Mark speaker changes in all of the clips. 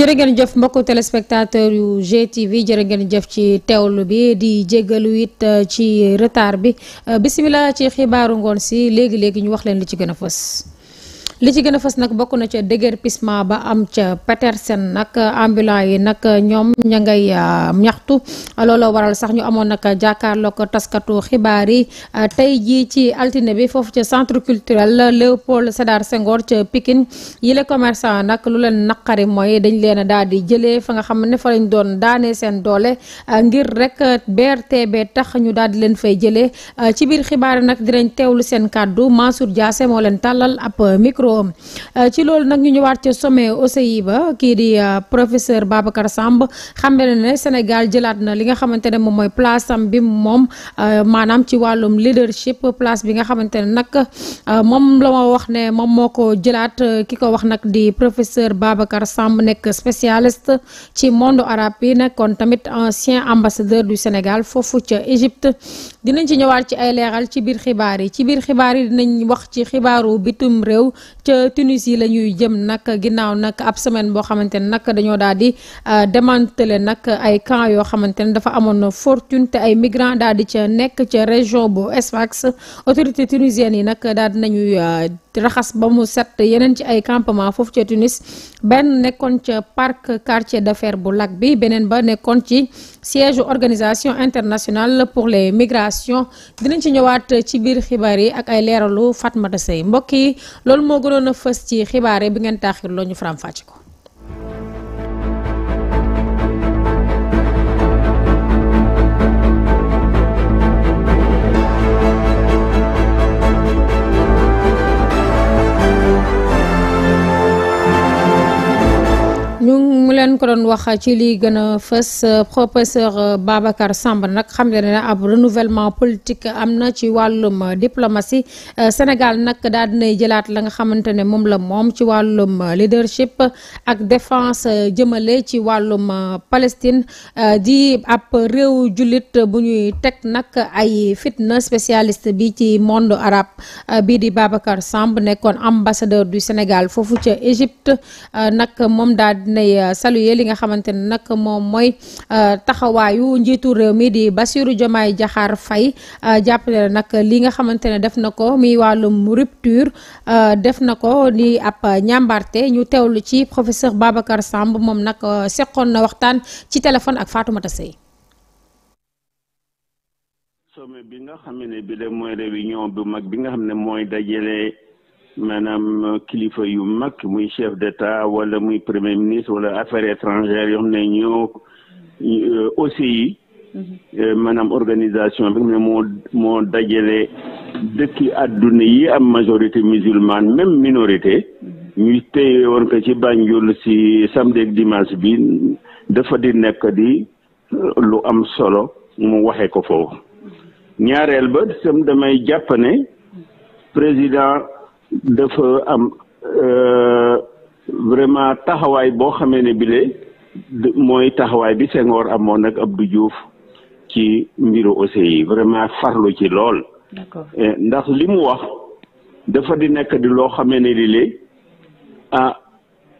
Speaker 1: jërë ngeen jëf mbokku téléspectateur yu GTV jërë ngeen jëf ci teewlu bi di jégalu it euh, ci retard bi euh, bisimilah ci xibaaru ngoon si léegi léegi ñu wax leen li ci gën a fës. li ci gëna fass nak bokku bokk na ca déguerpissement ba am ci Petersen nak ambulance yi nak ñom ñangay ah, ñaxtu lolo waral sax ñu amon nak jàkkaarloo ko taskatu xibaari ah, tay ji ci altiné bi fofu ci centre culturel leopold sadar Senghor ci Pikine yile commerçant nak lu leen nakari moy dañ leena daal di fa nga xamne fa lañ doon daané sen doolé ah, ngir rek BRTB tax ñu daal di leen fay jëlé ci bir xibaar nag dinañ tewlu sen kàddu Mansour Diassé mo leen talal ap micro juróom eh, ci loolu nag ñu ñëwaat ca sommet OCI ba kii di eh, professeur Babacar Samb xam ne ne Sénégal jëlaat na li nga xamante ne moom mooy place am bi moom eh, maanaam ci wàllum leadership place bi nga xamante ne nag moom la wax ne moom moo ko jëlaat ki ko wax nag di professeur Babacar Samb nekk spécialiste ci monde arabe bi nekkoon tamit ancien ambassadeur du Sénégal foofu ca Égypte dinañ ci ñëwaat ci ay leeral ci biir xibaar yi ci biir xibaar yi dinañ wax ci xibaaru bitum réew ca Tunisie la ñuy jëm nag ginnaaw nag ab semaine boo xamante ne nag dañoo daal di euh, démantelé nag ay camp yoo xamante ne dafa amoon fortune te ay migrants daal di ca nekk ca région bu Sfax autorité tunisienne yi nag daal di nañuy euh, raxas ba mu set yeneen ci ay campement foofu ca Tunis benn nekkoon ca parc quartier d'affaires bu lag bi beneen ba nekkoon ci. siège organisation internationale pour les migrations dinañ ci ñëwaat ci bir xibaar yi ak ay leeralu Fatmata Seye mbokk yi lool mo fess ci bi ngeen ñu ñu mu leen ko doon wax ci li gën a fës euh, professeur euh, Babacar Samb nag xam ne ne ab renouvellement politique am na ci wàllum euh, diplomatie Sénégal nag daal dinay jëlaat la nga xamante ne moom la moom ci wàllum leadership ak défense jëmale ci wàllum Palestine di ab réew jullit bu ñuy teg nag ay fitna spécialiste bi ci monde arabe bii di Babacar Samb nekkoon ambassadeur du Sénégal foofu ca Égypte nag moom daal saluer li nga xamante ne nag moom mooy euh, taxawaayu njiitu réew mi di Bassirou Diomaye Diakhar fay euh, jàppale nag li nga xamante ne def na ko mi wàllum rupture euh, def na ko ni ab ñàmbarte ñu teewlu ci professeur Babacar Samb moom nag seqoon na waxtaan ci téléphone ak Fatoumata Seye
Speaker 2: sommet bi nga xam ne bi la mooy réunion bu mag bi nga xam ne mooy dajale Manam Kili Foyou Mak, mwenye chef d'Etat, wala mwenye premè mnist, wala afèr etranjèl, yonnen yon, osi, euh, manam mhm. euh, organizasyon, mwenye mwenye dagyele, deki adouniye, am majorite mizulman, men minorite, mwenye mhm. te yon kèche banyoul si samdèk dimas bin, defa din nekadi, lou am solo, mwenye wakèkofo. Nya mhm. relbèd, semdèmèy Japone, prezident, dafa am euh, vraiment taxawaay boo xamee ne bile mooy taxawaay bi Senghor amoon ak du Diouf ci mbiru aussi yi vraiment farlu ci lool. ndax li mu wax dafa di nekk di loo xamee ne lile ah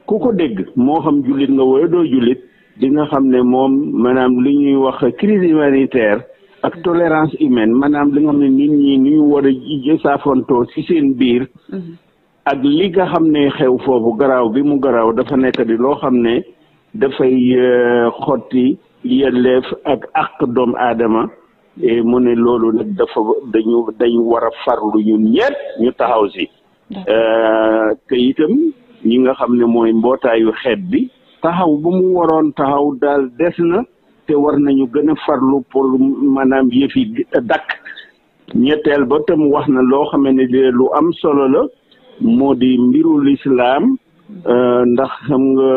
Speaker 2: ku ko dégg moo xam jullit nga wala doo jullit di nga xam ne moom maanaam li ñuy wax crise humanitaire. ak tolérance humaine maanaam li nga xam ne nit ñi ni ñu war a jijje saafontoo si seen biir mhm. ak li nga xam ne xew foofu garaaw bi mu garaw dafa nekk di loo xam ne dafay euh, xotti yelleef ak àq doomu aadama mu ne loolu nag dafa dañu dañu war a farlu ñu ñeet ñu taxaw si euh, te itam ñi nga xam ne mooy mbootaayu xeet bi taxaw bu mu waroon taxaw daal des na te war nañu gën a farlu pour maanaam yëf yi dakk ñetteel ba tam wax na loo xam ne de lu am solo la moo di mbiru lislaam euh, ndax xam nga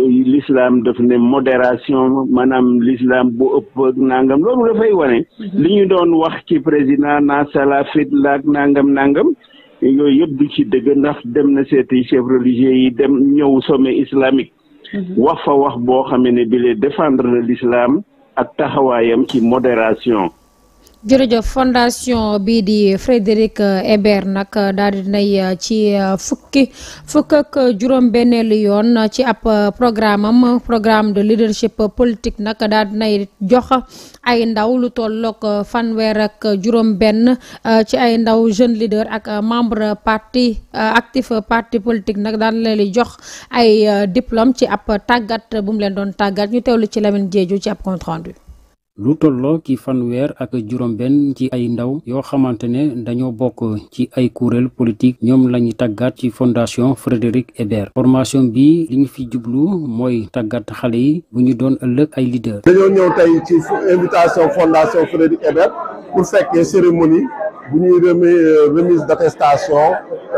Speaker 2: euh, lislaam def ne modération maanaam lislaam bu ëpp ak nangam loolu dafay wane mhm. li ñu doon wax ci président na salafit laak nangam nangam yooyu yëpp du ci dëgg ndax dem na seeti chef religieux yi dem ñëw sommet islamique Mhm. Wafa fa wax boo défendre l'islam ak taxawaayam ci modération
Speaker 1: jërëjëf fondation bii di Frédéric Ebert nag daal di nay euh, ci euh, fukki fukk ak juróom-benneelu yoon ci ab euh, programme am programme de leadership politique nag daal di nay jox ay ndaw lu tollook fanweer ak juróom-benn ci ay ndaw jeune leader ak membre parti actif parti politique nag daal di leen jox ay diplôme ci ab tàggat bu leen doon tàggat ñu teewlu ci Lamine Diédhiou ci ab compte lu tolloo ci fanweer ak juróom-benn ci ay ndaw yo xamantene dañoo bokk ci ay kuréel politique ñoom lañu tàggat ci fondation Frédéric hébert formation bi li ñu fi jublu mooy
Speaker 2: tàggat xale yi bu ñu doon ëllëg ay leader dañoo ñëw tey ci invitation fondation
Speaker 3: Frédéric hébert pour fekkee cérémonie bu ñuy remise d'attestation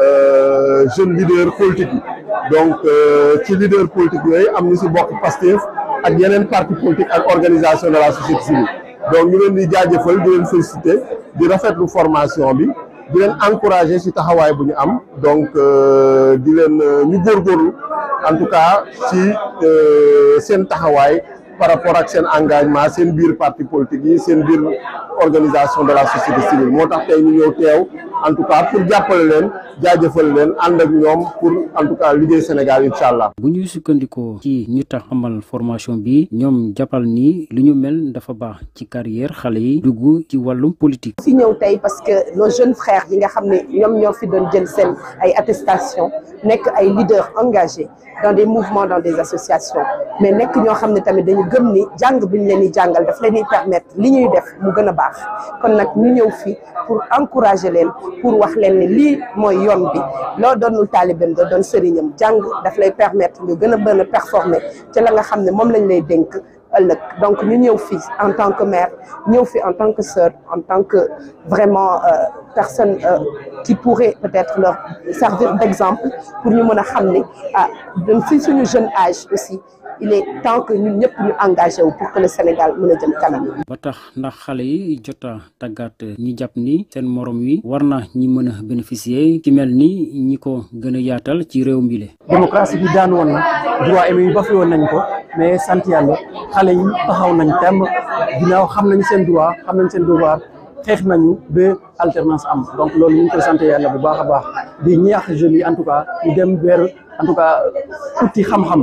Speaker 3: euh, jeune leader politique donc euh, ci leader politique yooyu am na si bokk Pastef ak yeneen parti politique ak organisation de la société civile donc ñu leen di jaajëfal di leen féliciter di rafetlu formation bi di leen encourager ci taxawaay bu ñu am donc euh, di leen euh, ñu góorgóorlu en tout cas ci euh, seen taxawaay par rapport ak seen engagement seen biir parti politique yi seen biir
Speaker 2: organisation de la société civile moo tax tey ñu ñëw teew en tout cas pour jàppale len
Speaker 1: jaajëfal len and
Speaker 2: ak ñom pour en tout cas liggéey
Speaker 3: Sénégal incha
Speaker 1: bu ñuy sukkandikoo ci ñu taxamal formation bi ñom jappal ni li ñu mel dafa baax ci carrière xalé yi duggu ci walum politique.
Speaker 4: si ñew tay parce que nos jeunes frères yi nga xamné ñom ñoo fi doon jël sen ay attestations nek ay leaders engagés dans des mouvements dans des associations mais nek ñoo xamné tamit dañu gëm ni jang bi leni jangal di jàngal daf leen permettre li ñuy def mu gëna a baax kon nak ñu ñew fi pour encourager leen. pour wax leen ne lii mooy yoon bi loo doonul taalibeem doo doon sëriñam jàng daf lay permettre ñu gën a mën a performer ci la nga xam ne moom lañ lay dénk ëllëg donc ñu ñëw fi en tant que mère ñëw fi en tant que sœur en tant que vraiment euh, personne euh, qui pourrait peut-être leur servir d'exemple pour ñu mën a xam ne ah même si suñu jeune âge aussi il est temps que ñun ñëpp ñu engagé wu pour que le Sénégal mën a jëm kanam.
Speaker 1: ba tax ndax xale yi jot a tàggat ñi jàpp ni seen morom wi war na ñi mën a bénéficier ki mel ni ñi ko gën a yaatal ci réew mi la. démocratie bi daan woon na droit émi ba fi woon nañ ko. mais sant yàlla xale yi taxaw nañ temb ginnaaw xam nañ seen droit xam
Speaker 2: nañ seen devoir xeex nañu ba alternance am donc loolu ñu ngi koy sant yàlla bu baax a baax di ñaax jeunes yi en tout cas ñu dem vers en tout cas uti xam-xam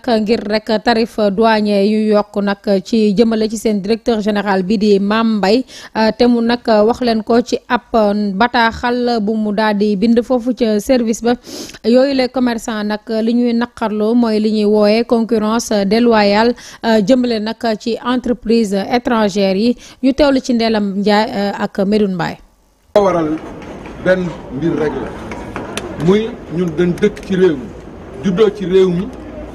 Speaker 1: nag ngir rek tarif douanier yu yokk nag ci jëmale ci seen directeur général bii di maam mbay euh, te mu nag wax leen ko ci ab bataaxal bu mu daal di bind foofu ca service ba yooyu les commerçants nag li ñuy naqarlu mooy li ñuy wooye concurrence déloyale euh, jëmale nag ci entreprise étrangère yi ñu teewlu ci Ndeelam Ndiaye euh, ak Medoune Mbaye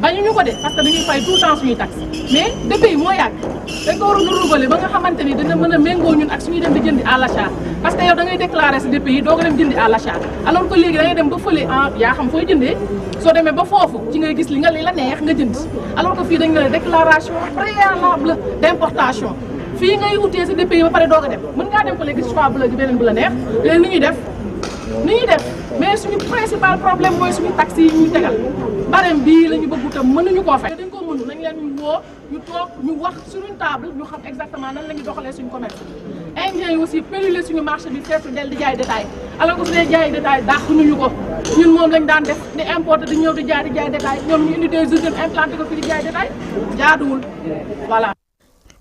Speaker 4: bañuñu ko de parce que dañuy fay tout temps suñuy taxe mais dëkk yi moo yàgg dañ ko war a renouveler ba nga xamante ni dina mën a méngoo ñun ak suñuy dem di jëndi à l'achat parce que yow da ngay déclarer sa dëkk yi doog dem jëndi à l'achat alors que léegi da ngay dem ba fële en ah, yaa xam fooy jëndee soo demee ba foofu ci ngay gis li nga li la neex nga jënd alors que fii dañ la déclaration préalable ngay sa dëkk ba pare doog dem mën dem fële gis choix bu la beneen bu la neex léegi ñuy def ñuy def mais suñu principal problème mooy suñu taxi yi ñuy tegal barème bii la ñu bëgg tam mënuñu koo fay dañ koo mënu nañ leen ñu woo ñu toog ñu wax suñu table ñu xam exactement nan la doxalee suñu commerce indiens yi pélule suñu marché bi feesu del di jaay détail alors que su dee jaay détail dàq nuñu ko ñun moom lañ daan def di importer di ñëw di jaay di jaay détail ñoom ñu indi des usines implanté ko fi di jaay détail jaaduwul
Speaker 1: voilà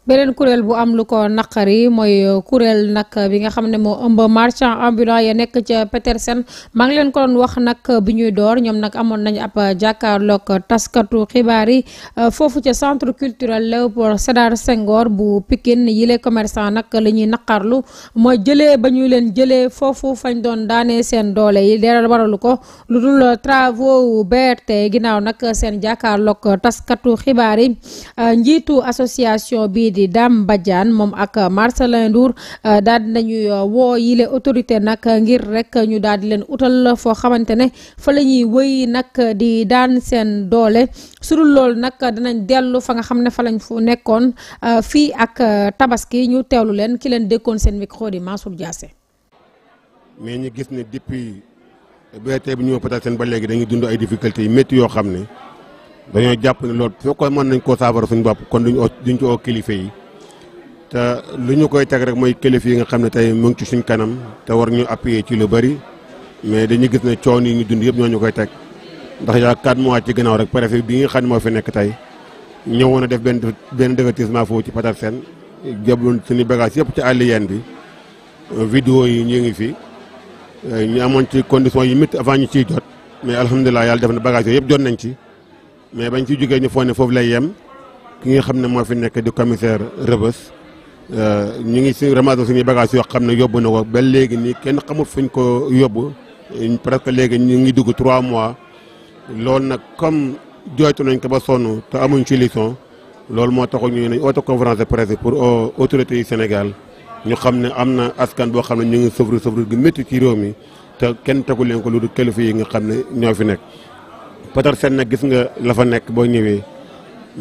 Speaker 1: beneen kuréel bu am lu ko naqari mooy euh, kuréel nag bi nga xam ne moo ëmb marchand ambulant ya nekk ca Petersen maa ngi leen ko doon wax nag bi ñuy door ñoom nag amoon nañu ab jàkkaarloog taskatu xibaar yi euh, foofu ca centre culturel Léopold Sédar Senghor bu Pikine yile commerçant nag la ñuy naqarlu mooy jëlee ba ñu leen jëlee foofu fañ doon daane seen doole yi dara waralu ko lu dul travaux BRT ginnaaw nag seen jàkkaarloog taskatu xibaar yi euh, njiitu association bi di Dame Badiane moom ak Marcelin Ndour euh, daal di nañuy euh, woo yile autorité nag ngir rek ñu daal di leen utal foo xamante ne fa la ñuy wëy nag di daan seen doole su lool loolu nag danañ dellu fa nga xam ne fa lañ fu nekkoon euh, fii ak tabaski ñu teewlu leen ki leen dékkoon seen micro di Mansour Diassé
Speaker 3: mais ñu gis ne depuis BRT bi ñëw Petersen ba léegi dañuy dund ay difficultés yu métti yoo xam ne dañoo jàpp ne loolu foo ko mën nañ koo saafara suñu bopp kon duñ oo duñ ci oo kilifa yi te lu ñu koy teg rek mooy kilifa yi nga xam ne tey mu ngi ci suñ kanam te war ñu appuyer ci lu bari mais dañu gis ne coono yi ñu dund yëpp ñoo ñu koy teg ndax yaa quatre mois ci gannaaw rek préfet bi nga xam ne moo fi nekk tey ñëwoon a def benn benn divertissement foofu ci Petersen jabloon suñu bagage yëpp ci àll yeen bi vidéo yi ñu ngi fi ñu amoon ci condition yu métti avant ñu ci jot mais alhamdulilah yàlla def na bagage yooyu yëpp jot nañ ci mais bañ ci jógee ñu foog ne foofu lay yem ki nga xam ne moo fi nekk di commissaire Rebeuss euh, ñu ngi si ramasse suñuy bagages yoo xam ne yóbbu na ko ba léegi nii kenn xamul fuñ ko yóbbu presque léegi ñu ngi dugg trois mois loolu nag comme jooytu nañ ko ba sonn te amuñ ci leçon loolu moo taxu ñu ne auto conférence de presse pour autorités yi Sénégal ñu xam ne am na askan boo xam ne ñu ngi sëfru sëfru gi métti ci réew mi te kenn tegu leen ko lu dul kilifa yi nga xam ne ñoo fi nekk. Petersen seen na gis nga la fa nekk boo ñëwee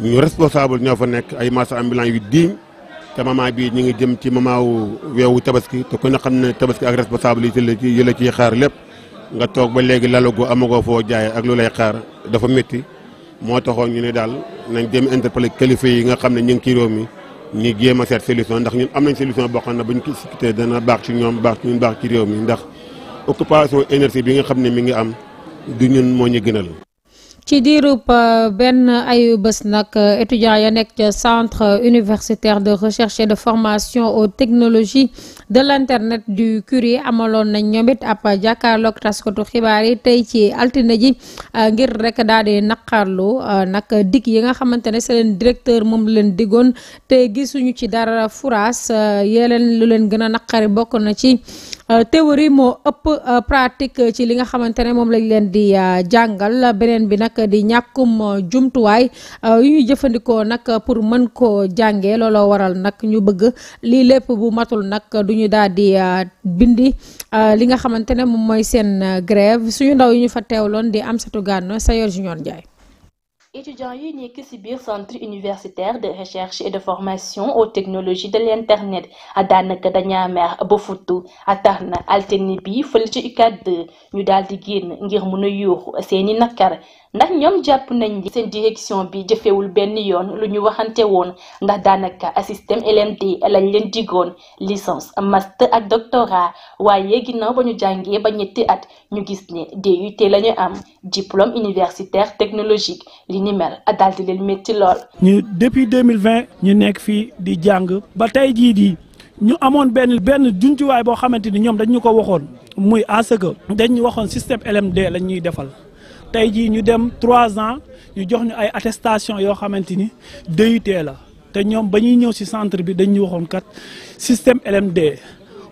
Speaker 3: ñu responsable ñoo fa nekk ay marchands ambulants yu diiñ te moment bii ñu ngi jëm ci moment wu weewu tabaski te ko ne xam ne tabaski ak responsable yi la ciy xaar lépp nga toog ba léegi lalagu amagoo foo jaay ak lu lay xaar dafa métti moo taxoon ñu ne daal nañ jëm interpellé kilifa yi nga xam ne ñu ngi ci réew mi ñu jéem a seet solution ndax ñun am nañ solution boo xam ne buñ ko discuté dana baax ci ñoom baax ci ñun baax ci réew mi ndax occupation énergie bi nga xam ne mi ngi am du ñun moo ñu gënal.
Speaker 1: ci Ben ben ayu bes euh, ya centre universitaire de recherche et de formation aux technologies de l'internet du Curie Amalon nañ ñomit ap jakarlo jàkkaarloog xibaari tay ci altine ji euh, ngir rek daal nakarlo nak dig yi nga directeur mom leen digone tay gisunu ci dara furaas yéeleen lu leen gëna ci Euh, théorie moo ëpp euh, pratique ci li nga xamante ne moom lañ leen di euh, jàngal beneen bi nag di ñàkkum jumtuwaay yu ñuy jëfandikoo nag pour mën koo jàngee looloo waral nag ñu bëgg lii lépp bu matul nag duñu ñu daal di bindi li nga xamante ne moom mooy seen grève suñu ndaw yi ñu fa teewloon di Amsatou Gano Sayor Junior Ndiaye
Speaker 4: étudiants yi nekk ci biir centre universitaire de recherche et de formation aux technologie de l'internet daanaka dañaa mer ba futtu tax na altine bi fële ci UCAD 2 ñu daal di génn ngir mun a yuuxu seeni nakar ndax ñoom jàpp nañ li seen direction bi jëfewul benn yoon lu ñu waxante woon ndax daanaka système LMD lañ leen digoon licence master ak doctorat waaye ginnaaw ba ñu jàngee ba ñetti at ñu gis ne DUT la am diplôme universitaire technologique li ni mel daal di leen métti lool.
Speaker 2: ñu depuis
Speaker 4: 2020
Speaker 2: ñu nekk fii di jàng ba tey jii di ñu amoon benn benn jumtuwaay boo xamante ni ñoom dañu ko waxoon muy à ce que waxoon système LMD lañ ñuy defal. tey jii ñu dem trois ans ñu jox ñu ay attestation yoo xamante ni DUT la te ñoom ba ñuy ñëw ci centre bi dañuy waxoon kat système LMD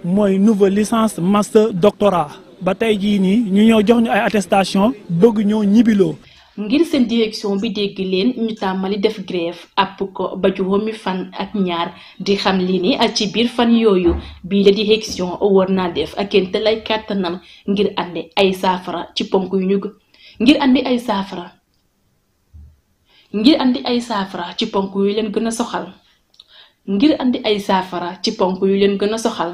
Speaker 2: mooy nouvelle licence master doctorat ba tey jii nii ñu ñëw jox ñu ay attestation bëgg
Speaker 5: ñoo ñibbiloo
Speaker 4: ngir seen direction bi dégg leen ñu tàmmali def grève àpp ko ba juróomi fan ak ñaar di xam li ni ci biir fan yooyu bii la direction war naa def ak kénte lay kàttanam ngir ànd ay saafara ci ponk yu ñu ngir àndi ay saafara ngir andi ay saafara ci ponk yu leen gën a soxal ngir andi ay saafara ci ponk yu leen gën a soxal.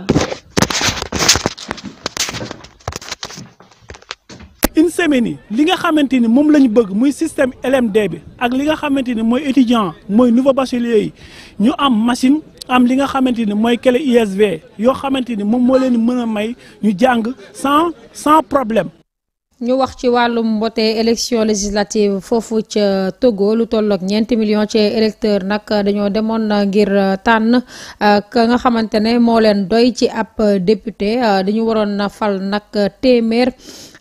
Speaker 4: une semaine yi li nga
Speaker 2: xamante ni moom la ñu bëgg muy système LMD bi ak li nga xamante ni mooy étudiant mooy nouveau bachelier yi ñu am machine am li nga xamante ni mooy clé ISV yoo xamante ni moom moo leen mën a may ñu jàng sans sans problème.
Speaker 1: ñu wax ci wàllum mbote élection législative foofu ca Togo lu tolloog ñeenti million ci électeur nag dañoo demoon ngir euh, tànn euh, ka nga xamante ne moo leen doy ci ab député euh, dañu waroon na fal nag téeméer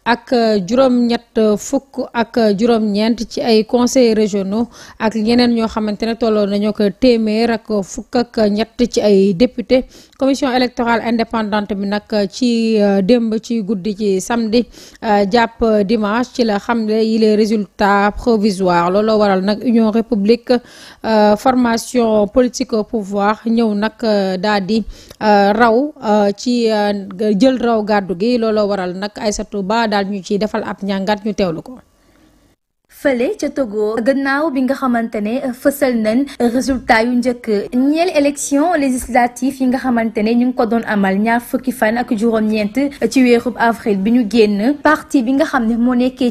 Speaker 1: ak euh, juróom euh, fukk ak euh, juróom ci ay conseils régionaux ak yeneen ñoo xamante ne tolloo nañoo ko téeméer ak fukk ak ñett ci ay député commission électorale indépendante bi nag ci démb ci guddi ci samedi jàpp dimanche ci la xamle yi les résultats provisoires looloo waral nag union république formation politique au ñëw nag daal di raw ci jël raw gàddu gi looloo waral nag Aïssatou Ba daal ñu ciy defal ab njàngat ñu teewlu ko.
Speaker 5: fële ca Togo gannaaw bi nga xamante ne fësal nañ résultat yu njëkk ñeel élection législative yi nga xamante ñu ko doon amal ñaar fukki fan ak juróom-ñeent ci weerub avril bi ñu parti bi nga xam ne moo nekkee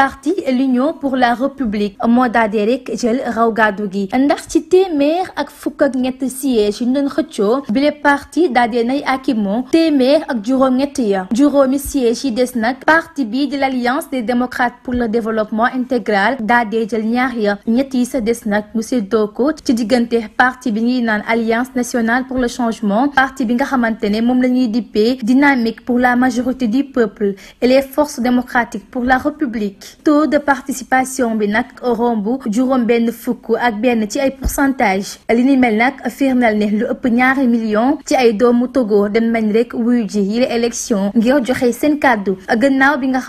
Speaker 5: parti l'union pour la république mo da di rek jël raw gàddu ndax ci téeméer ak fuk ak ñett siège ñun ñu bile parti da di nay akimo téeméer ak juróom-ñett ya juróomi siège yi des nag parti bi di l'alliance des démocrates pour le développement développement intégral daa dee jël ñaar sa des nak mu séddoo ci parti bi ñi nane alliance nationale pour le changement parti bi nga xamante mom lañuy dippé dynamique pour la majorité du peuple et les forces démocratiques pour la république taux de participation bi nak rombu juróom ben fukk ak ben ci ay pourcentage li ni mel nak firndal ne lu ëpp ñaari millions ci ay doomu Togo den nañ rek ji élection ngir joxé sen cadeau gannaaw bi nga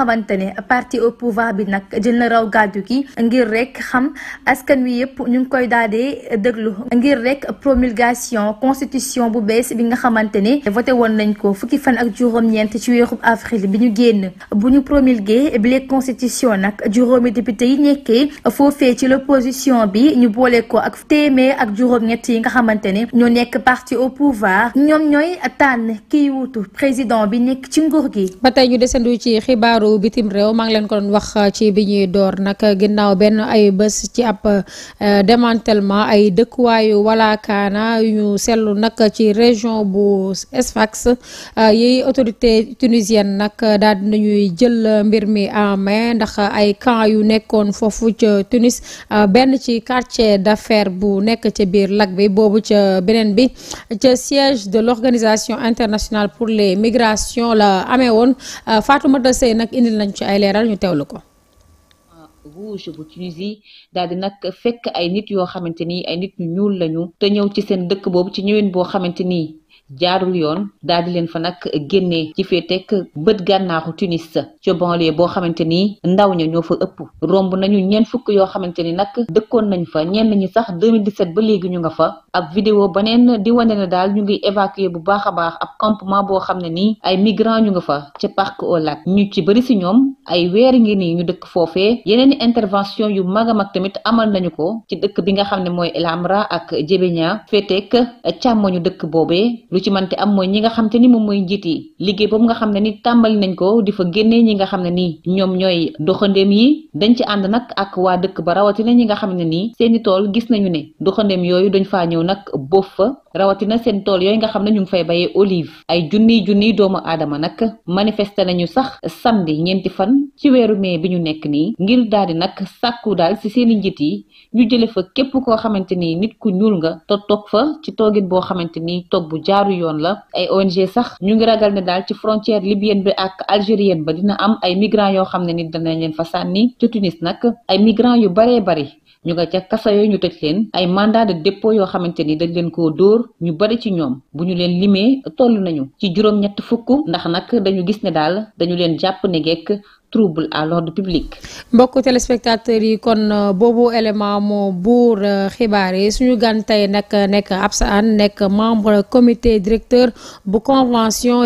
Speaker 5: parti au pouvoir bi General na raw gàddu gi ngir rek xam askan wi yëpp ñu koy deglu ngir rek promulgation constitution bu bes bi nga xamantene voté won nañ ko fukki fan ak ñent ci avril bi ñu génn bu ñu promulgué blé constitution nak juróomi député yi nekkee fofé ci l'opposition bi ñu bolé ko ak témé ak juróom-ñett yi nga xamantene nekk parti au pouvoir ñom ñoy tan ki wutu président bi nekk ci nguur gi. batay ñu desandu ci xibaaru bitim réew ma ngi leen ko don
Speaker 1: wax ci bi ñuy door nag ginnaaw benn ay bés ci ap euh, démantèlement ay dëkkuwaayu walaakaana ñu sellu nak ci région bu Sfax euh, yi autorité tunisienne nak daal dinañuy jël mbir mi en main ndax ay camp yu nekkoon fofu ci Tunis ben ci quartier d'affaires bu nekk ci bir lac bi boobu ca bi ci siège de l'organisation internationale pour les migrations la amee woon Fatoumata Seye nak indil nañ ci ay léral ñu tewlu ko
Speaker 6: rouge bu Tunisie daal di nag fekk ay nit yoo xamante ni ay nit ñu ñuul lañu te ñëw ci seen dëkk boobu ci ñëwin boo xamante ni jaarul yoon daal di leen fa nag génnee ci fee teg bët gànnaaxu Tunis ca banlieue boo xamante ni ndaw ña ñoo fa ëpp romb nañu ñeent fukk yoo xamante ni nag dëkkoon nañ fa ñenn ñi sax 2017 ba léegi ñu nga fa ab vidéo beneen di wane ne daal ñu ngi évacuer bu baax a baax ab campement boo xam ne nii ay migrants ñu nga fa ca parc au lac ñu ci bëri si ñoom ay weer ngi nii ñu dëkk foofee yeneen intervention yu mag a mag tamit amal nañu ko ci dëkk bi nga xam ne mooy El ak Djébeña feeteek càmmoñu dëkk boobee ci mante am mooy ñi nga xam te ni moom mooy njiit yi liggéey boobu nga xam ne ni tàmbali nañ ko di fa génnee ñi nga xam ne ni ñoom ñooy doxandeem yi dañ ci ànd nag ak waa dëkk ba rawatina ñi nga xam ne nii seeni tool gis nañu ne doxandeem yooyu dañ faa ñëw nag boof fa rawatina seen tool yooyu nga xam ne ñu ngi fay bayee olive ay junniy junniy doomu aadama nag manifester nañu sax sandi ñeenti fan ci weeru mai bi ñu nekk nii ngir daal di nag sàkku daal si seeni njit yi ñu jële fa képp koo xamante ni nit ku ñuul nga te toog fa ci toogin boo xamante ni toog bu jaaru yoon la ay ONG sax ñu ngi ragal ne daal ci frontière libyenne bi ak algérienne ba dina am ay migrants yoo xam ne ni danañ leen fa sànni ci Tunis nag ay migrants yu baree bari ñu nga ca kaso yooyu ñu tëj leen ay mandat de dépôt yoo xamante ni dañ leen koo dóor ñu bari ci ñoom bu ñu leen limee toll nañu ci juróom-ñett fukk ndax nag dañu gis ne daal dañu leen jàpp ne gekk trouble à l'ordre public.
Speaker 1: mbokk téléspectateurs yi kon euh, boobu élément moo buur euh, xibaar yi suñu gan tey nag nekk Absa Anne nekk membre comité directeur bu convention.